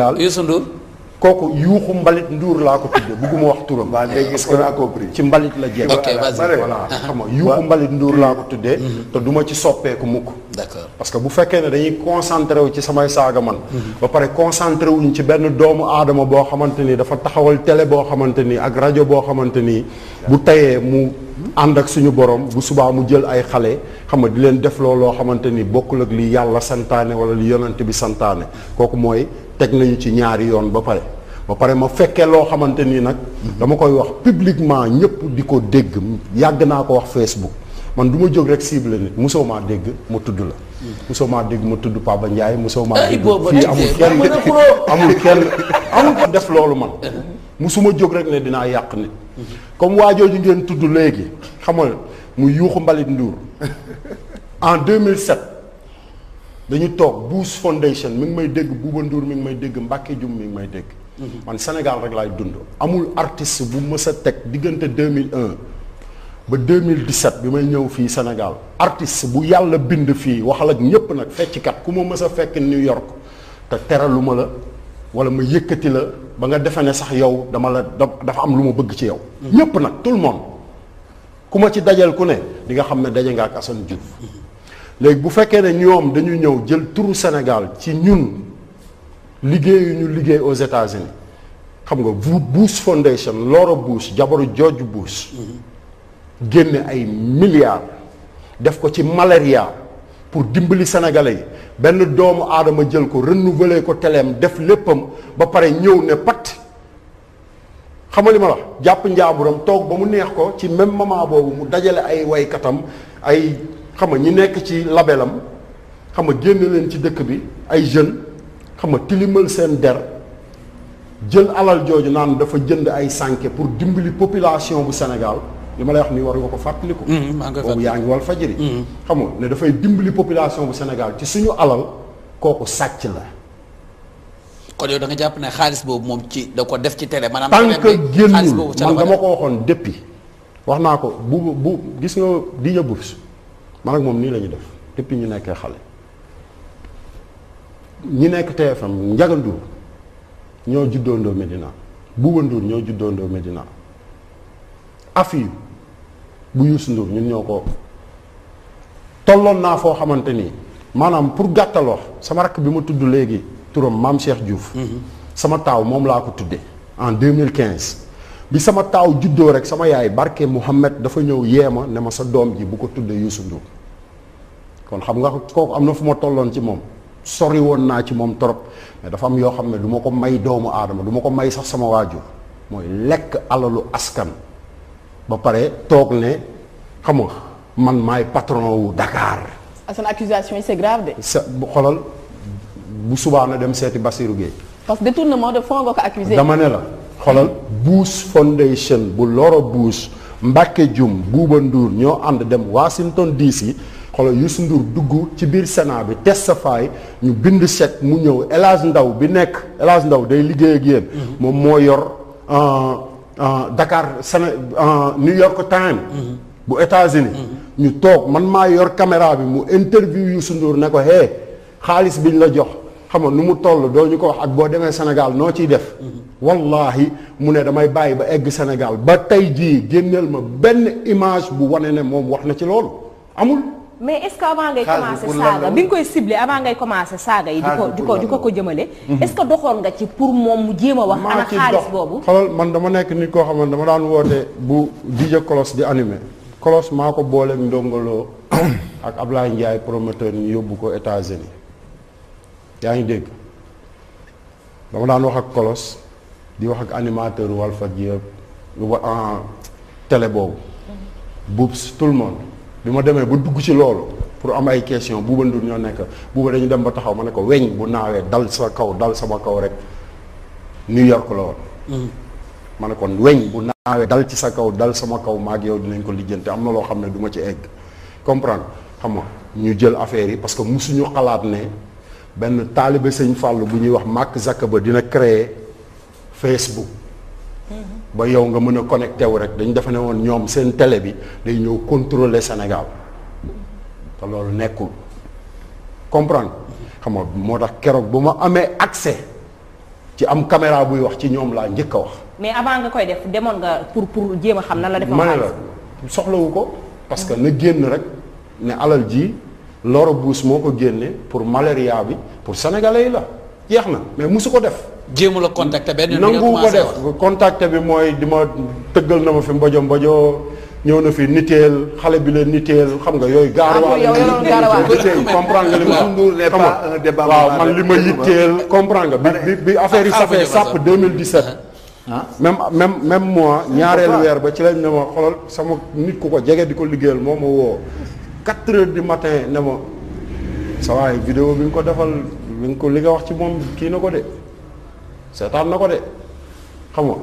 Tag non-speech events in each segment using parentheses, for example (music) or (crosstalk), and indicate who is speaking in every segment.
Speaker 1: daal Youssou kooku yuuxu mbalit nduur laa ko tudd bugguma wax turam. waaw a ci mbalit la jeex. ok vas-y voilà yuuxu mbalit nduur laa ko tuddee. Mhm. te duma ci soppeeku mukk. d'accord parce que bu fekkee ne dañuy concentré wu ci samay saaga man. Mhm. ba pare concentré wuñ ci benn doomu aadama boo xamante ni dafa taxawal tele boo xamante ni ak rajo boo xamante ni bu tayee mu. ànd ak suñu borom bu subaa mu jël ay xale xam nga di leen def looloo xamante ni bokkul ak li yàlla santaane wala li yonent bi santaane kooku mooy teg nañu ci ñaari yoon ba pare ba pare ma fekkee loo xamante ni nag dama koy wax publiquement ñëpp di ko dégg yàgg naa ko wax Facebook man du ma jóg rek cible nit musoo maa dégg mu tudd la mosoo maa dégg mu tudd Papa Ndiaye mosoo maa dégg fii (laughs) amul kenn amul kenn amul def loolu man musuma jóg rek ne dinaa yàq nit comme waa ngeen tudd léegi xam nga mu yuuxu mbalit nduur (laughs) en 2007 dañu toog Boost Foundation mi ngi may dégg Bouba nduur mi ngi may dégg Mbacke Dioum mi ngi may dégg mhm. man Sénégal rek laay dund amul artist bu mës a teg diggante 2001 ba 2017 bi may ñëw fii Sénégal artist bu yàlla bind fii waxal ak ñépp nag fecckat ku ma mës a fekk New York te teraluma la wala ma yëkkati la ba nga defe ne sax yow dama la dafa am lu ma bëgg ci yow. ñëpp nag tout le monde ku ma ci dajal ku ne di nga xam ne daje nga ak Assane Diouf léegi bu fekkee ne ñoom dañu ñëw jël turu Sénégal ci ñun liggéeyu ñu liggéey aux États-Unis xam nga bu Bush Foundation Laura Bush jabaru George Bush mhm. génne ay milliards def ko ci malaria. pour dimbali sénégalais yi benn doomu aadama jël ko renouveler ko teleem def léppam ba pare ñëw ne pat xamali ma la jàpp njaaburam toog ba mu neex ko ci même moment boobu mu dajale ay waykatam ay xam nga ñi nekk ci labelam xam nga génn leen ci dëkk bi ay jeunes xam nga tilimal seen der jël alal jooju naan dafa jënd ay sànke pour dimbali population bu Sénégal li ma lay wax ni war nga ko fàttaliku. Mhm, boobu yaa ngi wal fajiri. Mhm. xam nga ne dafay dimbali population bu senegal ci suñu alal kooku sàcc la. kon yow
Speaker 2: jàpp ne xaalis boobu moom ci da ko def ci télé maanaam. tant que génnul man dama
Speaker 1: ko waxoon depuis. wax naa ko bu bu gis nga di yóbbu man ak moom nii la def depuis ñu nekkee xale. ñu nekk TFM Ndiaga Ndour ñoo juddoondoo Medina Bouba Ndour ñoo juddoondoo Medina. afiyu bu Youssou Ndour ñun ñoo ko tolloon naa foo xamante ni maanaam pour gàttal wax sama rakk bi ma tudd léegi turam maam Cheikh Diouf. sama taaw moom laa ko tuddee en 2015. bi sama taaw juddoo rek sama yaay barke Mouhamed dafa ñëw yeema ne ma sa doom ji bu ko tuddee Youssou Ndour kon xam nga kooku am na fu ma tolloon ci moom sori woon naa ci moom trop mais dafa am yoo xam ne duma ko may doomu aadama du ma ko may sax sama waajur mooy lekk alalu askan. ba pare toog ne xam nga man maay patron wu Dakar.
Speaker 2: Assane ah, accusation yi c'est grave de.
Speaker 1: sa xoolal bu subaa na dem seeti basiru Guèye.
Speaker 2: parce que détournement de fonds nga ko accusé. dama ne la
Speaker 1: xoolal Bush Foundation bu Laura Bush Mbacké Dioum buuba Ndour ñoo ànd dem Washington DC. xolal Youssou Ndour dugg ci biir Sénat bi testify ñu bind set mu ñëw El Ndaw bi nekk El Ndaw day liggéey ak mhm. moom moo yor. Euh, Euh, Dakar Séné euh, New York Times. bu États-Unis ñu toog man maa yor caméra bi mu interview Youssou Ndour ne ko hee xaalis biñ la jox xam nga nu mu toll doo ñu ko wax ak boo demee Sénégal noo ciy def. wallahi mu ne damay bàyyi ba egg senegal ba tey jii génneel ma benn image bu wane ne moom wax na ci loolu amul.
Speaker 2: mais est-ce que avant ngay commencer saaga bi nga koy ciblé avant ngay commencer saaga yi. di ko di ko di ko ko jëmale. Mhm. est-ce doxoon nga ci pour moom mu jéem a wax. ana xaalis boobu
Speaker 1: xolal man dama nekk nit koo xam ne dama daan woote bu DJ Kolos di animé Kolos maa ko boole Ndongolo (clears throat) ak Ablaye Ndiaye promoteur yóbbu ko États-Unis yaa ngi dégg dama daan wax ak Kolos di wax ak animateur Walfadjri yëpp wa boobu. Mhm. Boubs tout le monde. bi ma demee ba dugg ci loolu pour am ay question buuba du ñoo nekk buuba dañu dem ba taxaw ma ne ko weñ bu naawee dal sa kaw dal sama kaw rek New York la woon hmm. ma ne kon weñ bu naawee dal ci sa kaw dal sama kaw maag yow dinañ ko lijjante am na loo xam ne du ma ci egg comprendre xam nga ñu jël affaire yi parce que suñu xalaat ne benn taalibe sëñ Fàllu bu ñuy wax Mark Zuckerberg dina créer Facebook. Hmm. ba yow nga mën a connecté wu rek dañ defe ne woon ñoom seen tele bi day ñëw contrôler Sénégal te loolu nekkul comprendre xam nga moo tax keroog bu ma amee accès ci am caméra buy wax ci ñoom laa njëkk a wax.
Speaker 2: mais avant nga koy def demoon nga pour pour jéem a xam na la. def ma ne la
Speaker 1: soxlawu ko. parce que na génn rek ne alal ji loro buus moo ko génne pour malaria bi pour sénégalais yi la jeex na mais musu ko def. jéem la contacter benn yoon nangu ko def contacter bi mooy di ma tëggal na ma fi mbojo mbojo ñëw na fi niteel xale bi la niteel xam nga yooyu. gaarawaale yow comprendre li
Speaker 2: ma. li ma yitteel comprendre nga bi bi affaire yi safee sàpp 2017. ah
Speaker 1: même même même mois ñaareelu weer ba ci lañ ne ma xoolal sama nit ku ko jege di ko liggéeyal moo ma woo. 4 heures du matin ne ma. sa waay vidéo bi nga ko defal li nga ko li nga wax ci moom kii na ko de. seetaan na ko de xam nga mu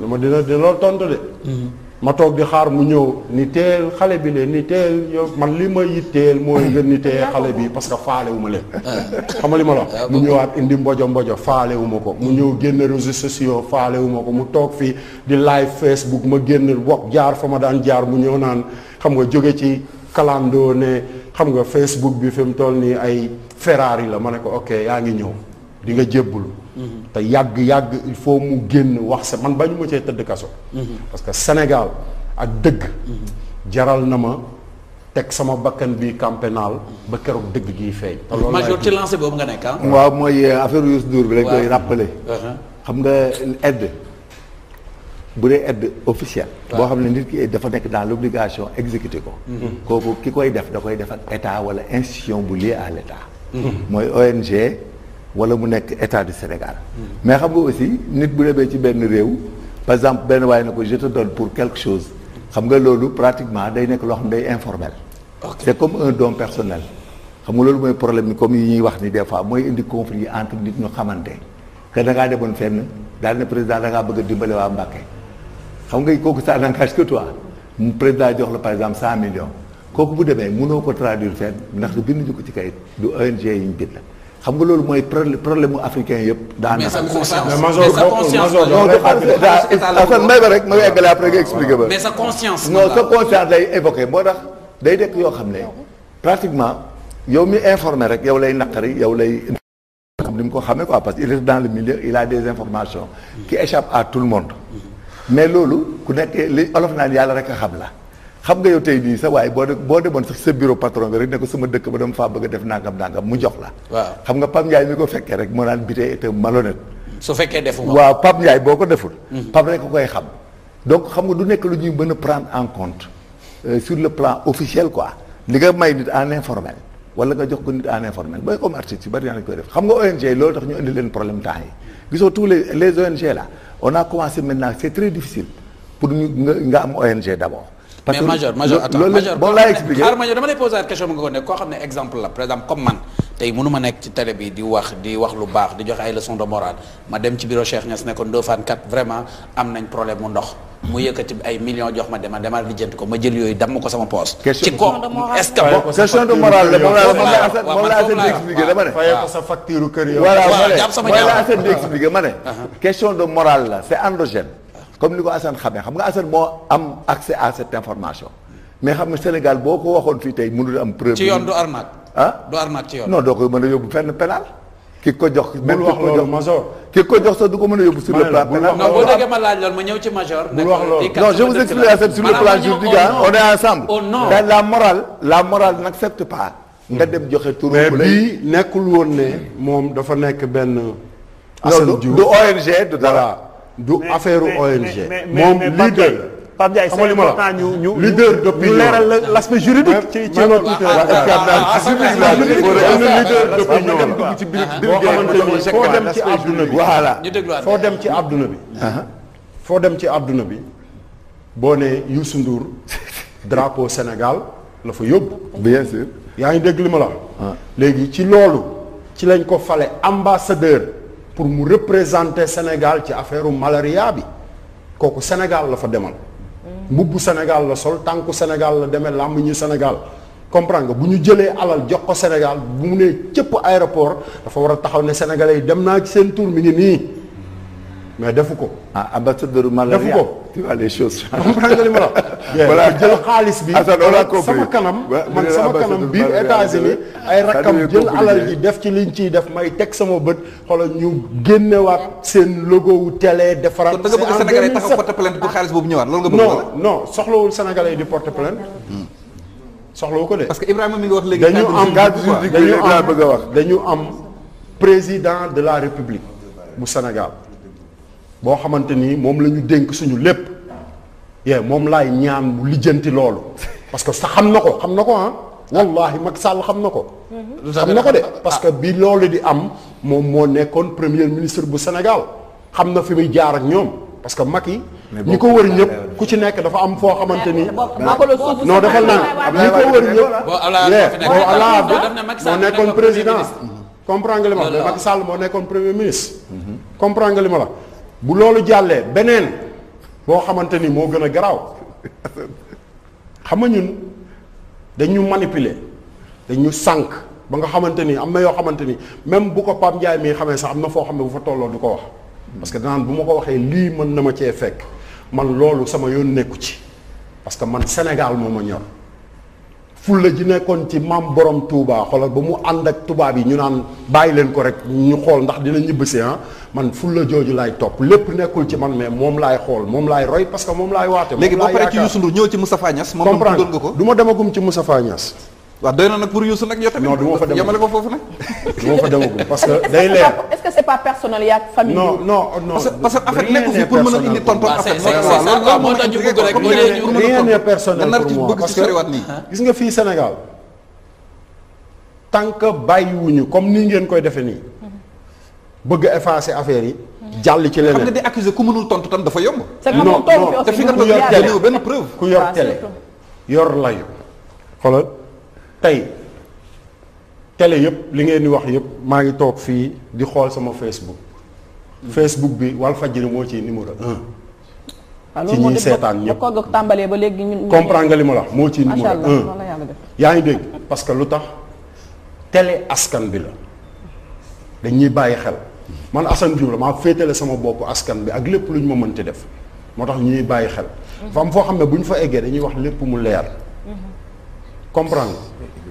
Speaker 1: ne ma dina dina loolu tontu de. Mhm. ma toog di xaar mu ñëw ni teel xale bi leen ni teel yow man li ma yitteel mooy gën ni teel xale bi parce que faale wu ma leen. Ah. xam nga li ma la wax ah, mu ñëwaat indi mbojo mbojo faale ma ko. mu ñëw génn réseaux sociaux faale ko mu toog fii di live Facebook ma génn wax jaar fa ma daan jaar mu ñëw naan xam nga jóge ci kalandoo ne xam nga Facebook bi fi mu toll nii ay Ferrari la ma ne ko ok yaa ngi ñëw. di nga jébbul mhm. te yàgg yàgg il faut mu génn wax sa man bañu ma cee tëdd kaso mhm. parce que Sénégal ak dëgg mhm. jaral na ma teg sama bakkan bi camp
Speaker 2: ba keroog dëgg gi feeñ major ci lancé boobu nga nekk ah waaw mooy euh, affaire Youssou Ndour bi lañ koy rappelé uh-huh. xam nga aide bu dee aide officielle boo xam ne nit ki dafa nekk dans l' obligation ko kooku ki koy def da koy def état wala institution bu lié à l' mooy ONG wala mu nekk état du Sénégal. mais xam nga aussi nit bu demee ci benn réew par exemple benn waaye na ko je te pour quelque chose xam nga loolu pratiquement day nekk loo xam day informel. ok comme un don personnel. xam nga loolu mooy problème bi comme yi ñuy wax ni des fois mooy indi conflit yi entre nit ñu xamante que da ngaa demoon fenn daal ne président da ngaa bëgg a dimbale waa Mbàkke xam nga kooku ça n'engage que toi président jox la par exemple cent millions kooku bu demee mënoo ko traduire fenn ndax binduñu ko ci kayit du ONG yi ñu bind. xam nga loolu mooy problème mu africain yëpp. daanaka mais sa conscience mais sa conscience may ba rek ma eggale après nga expliqué ba. mais sa conscience. non sa conscience lay évoqué moo tax day xam ne pratiquement yow mi informé rek yow lay naqari yow lay. xam ni mu ko xamee quoi parce que il est dans le milieu il a des informations. qui échappent à tout le monde. mais loolu ku nekk li olof naan yàlla rek a xam la. xam nga yow tey nii sa waaye boo de boo demoon sax sa bureau patron bi rek ne ko sama dëkk ba dama faa bëgg a def nangam nangam mu jox la. waaw xam nga Pape Ndiaye mi ko fekkee rek moo naan Biteye était malhonnête.
Speaker 1: su fekkee defu waaw
Speaker 2: Pape Ndiaye boo ko deful. Mhm. Pape rek ko koy xam. donc xam nga du nekk lu ñuy mën a prendre en compte euh, sur le plan officiel quoi li nga may nit en informel wala nga jox ko nit en informel booy comme artiste yi bari naa lañ koy def xam nga ONG loolu tax ñu indi leen problème temps yi gisoo les les ONG là on a commencé maintenant c'est très difficile pour ñu nga am ONG d'abord parce que mais major major attends major boo laa expliqué xaar
Speaker 1: major dama lay poser question bi nga ko nekk koo xam ne exemple la par exemple comme man tey mënu ma nekk ci télé bi di wax di wax lu baax di joxe ay leçons de morale ma dem ci bureau Cheikh Niass ne ko Ndofane kat vraiment am nañ problème mu ndox mu yëkkati ay millions jox ma dema demal di jënd ko ma jël yooyu damm ko sama poos ci ko est-ce que question de morale la moom laa moom laa seen di expliqué dama ne fayee ko sa facture
Speaker 2: kër yow voilà moom laa seen di expliqué ma ne (laughs) uh-huh. question de morale la c'est endogène comme ni ko Assane xamee xam nga Assane moo am accès à cette information mais xam nga Sénégal boo ko waxoon fii tey mënul am preuve. ci yoon du arnaque. ah du arnaque ci yoon. non doo koy mën a yóbbu fenn pénal ki ko jox même ki ko jox major du ko mën a yóbbu sur le plan pénal non boo
Speaker 1: ma laaj loolu ma ñëw ci major non je ensemble mais
Speaker 2: la morale la morale n'accepte pas nga dem joxe
Speaker 1: turu mais bii nekkul woon ne moom dafa nekk benn Assane Diouf du ONG du dara du affaire ONG. moom leader Pape Ndiaye c'est important ñu ñu leader d'opinion ñu leeral l'aspect juridique. ci ci loolu tuuti rek. leader d'opinion la ci biir biir dem ci àdduna bi voilà foo dem ci àdduna bi. foo dem ci àdduna bi boo nee Youssou Ndour drapeau Sénégal la fa yóbbu. yaa ngi dégg li ma la léegi ci loolu ci lañ ko fale ambassadeur. pour mu représenter Sénégal ci affaire malaria bi kooku Sénégal la fa demal. Mm. mbubbu Sénégal la sol tànku Sénégal la demee làmmiñu Sénégal comprendre nga bu ñu jëlee alal jox ko Sénégal bu mu nee cëpp aéroport dafa war a taxaw ne sénégalais yi dem naa ci seen tour mi ngi
Speaker 2: nii. mais defu ko. ah ambassadeur Malaria defu ko. tu les choses. comprendre
Speaker 1: nga (laughs) jël xaalis bi. sama kanam. man sama kanam biir États-Unis ay rakkam jël alal ji def ci liñ ciy def may teg sama bët xoolal ñu génnewaat seen logo wu télé defaraat. kon da nga bëgg Sénégalais yi taxaw porte
Speaker 2: plainte bu xaalis boobu ñëwaat loolu nga bëgg. non
Speaker 1: non soxlawul Sénégalais yi di porte plainte. Hmm. soxlawu ko de. parce que Ibrahima mi ngi wax léegi. dañu am dañu am dañu am président de la république bu Sénégal boo xamante ni moom la ñu dénk suñu lépp yee moom laay ñaan mu lijjanti loolu parce que sa xam na ko xam na ko ah wallahi mag sàll xam na ko xam na ko de parce que bi loolu di am moom moo nekkoon premier ministre bu Sénégal xam na fi muy jaar ñoom parce que Macky ñi ko wër ñëpp ku ci nekk dafa am foo xamante ni non defal na ñi ko wër ñëpp yee boo alaa nekkoon président comprends nga li ma la Macky Sall moo nekkoon premier ministre mhm. comprends nga li ma la bu loolu jàllee beneen boo xamante ni moo gën a garaaw xam nga ñun dañu manipule dañu sànq ba nga xamante ni am na yoo xamante ni même bu ko Pape Ndiaye mii xamee sax am na foo xam ne bu fa tolloo du ko wax parce que danaan bu ma ko waxee lii mën na ma cee fekk man loolu sama yoon nekku ci parce que man Sénégal moom ma ñor fulla ji nekkoon ci maam borom Touba xoolal ba mu ànd ak tubaab yi ñu naan bàyyi leen ko rek ñu xool ndax dina ñibbisi ah man fulla jooju laay topp lépp nekkul ci man mais moom laay xool moom laay roy parce que moom laay waate. moom laay yaakaar léegi ba pare ci Youssou Ndour ñëw ci Moustapha Niass. moom nga ko du ma demagum ci Moustapha Niass. waaw doy na nag pour Youssou nag yow tamit. non du fa demagum yamale foofu nag. du fa demagum parce que day leer.
Speaker 2: est-ce que c'est pas personnel yaa famille. non
Speaker 1: non non parce que affaire nekku fi pour mën a indi tonton affaire. waaw moo tax ñu bëgg rek ñu ne comme ni ngeen koy defee nii. bëgg effacer affaire yi. jàll ci leneen xam nga di accuser ku mënul tontu tam dafa yomb. non non te fi nga toog benn preuve. ku yor ah, télé yor layu xoolal. tey tele yëpp li ngeen di wax yëpp maa ngi toog fii di xool sama Facebook. Facebook bi Walfadjri moo ci numéro un.
Speaker 2: ci ñiy seetaan ñëpp ko tàmbalee ba léegi ñun. comprendre nga
Speaker 1: li ma la wax moo ci numéro un yaa ngi dégg parce que lu tax tele askan bi la dañuy bàyyi xel man Assane Diouf la maa féetale sama bopp askan bi ak lépp lu ñu ma mënti def moo tax ñuy bàyyi xel. dafa am foo xam ne bu ñu fa eggee dañuy wax lépp mu leer mhm. comprendre nga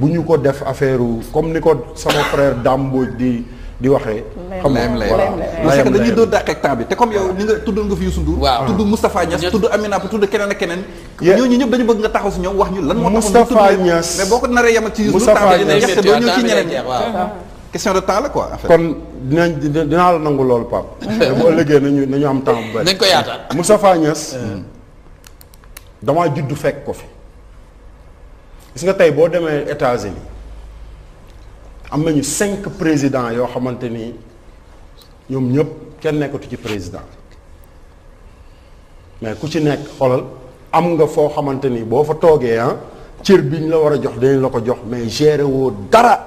Speaker 1: bu ñu ko def affaire comme ni ko sama frère Dame Mbodj di di waxee. xam nga voilà parce que dañuy
Speaker 2: doon dàq ak temps bi te comme yow ni nga tudd nga fi Youssou Ndour. waaw tudd Moustapha Niass tudd Amina Ba tudd keneen ak keneen. ñooñu ñëpp dañu bëgg nga taxaw si ñoom wax ñu lan moo. Moustapha Niass mais boo ko naree yem ak ci Youssou Ndour temps bi dina yem te doo ñëw ci ñeneen
Speaker 1: question de temps la quoi en fait. kon dinañ dinaa la nangu loolu Pape. (laughs) bu ëllëgee nañu nañu am temps bu bëri. nañ ko yaatal Moustapha Niass. damaa judd fekk ko fi. gis nga tey boo demee États-Unis am nañu cinq présidents yoo xamante ni ñoom ñëpp kenn nekkatu ci président mais ku ci nekk xoolal am nga
Speaker 2: foo xamante ni boo fa toogee ah cër bi ñu la war a jox dañ la ko jox mais gérer woo dara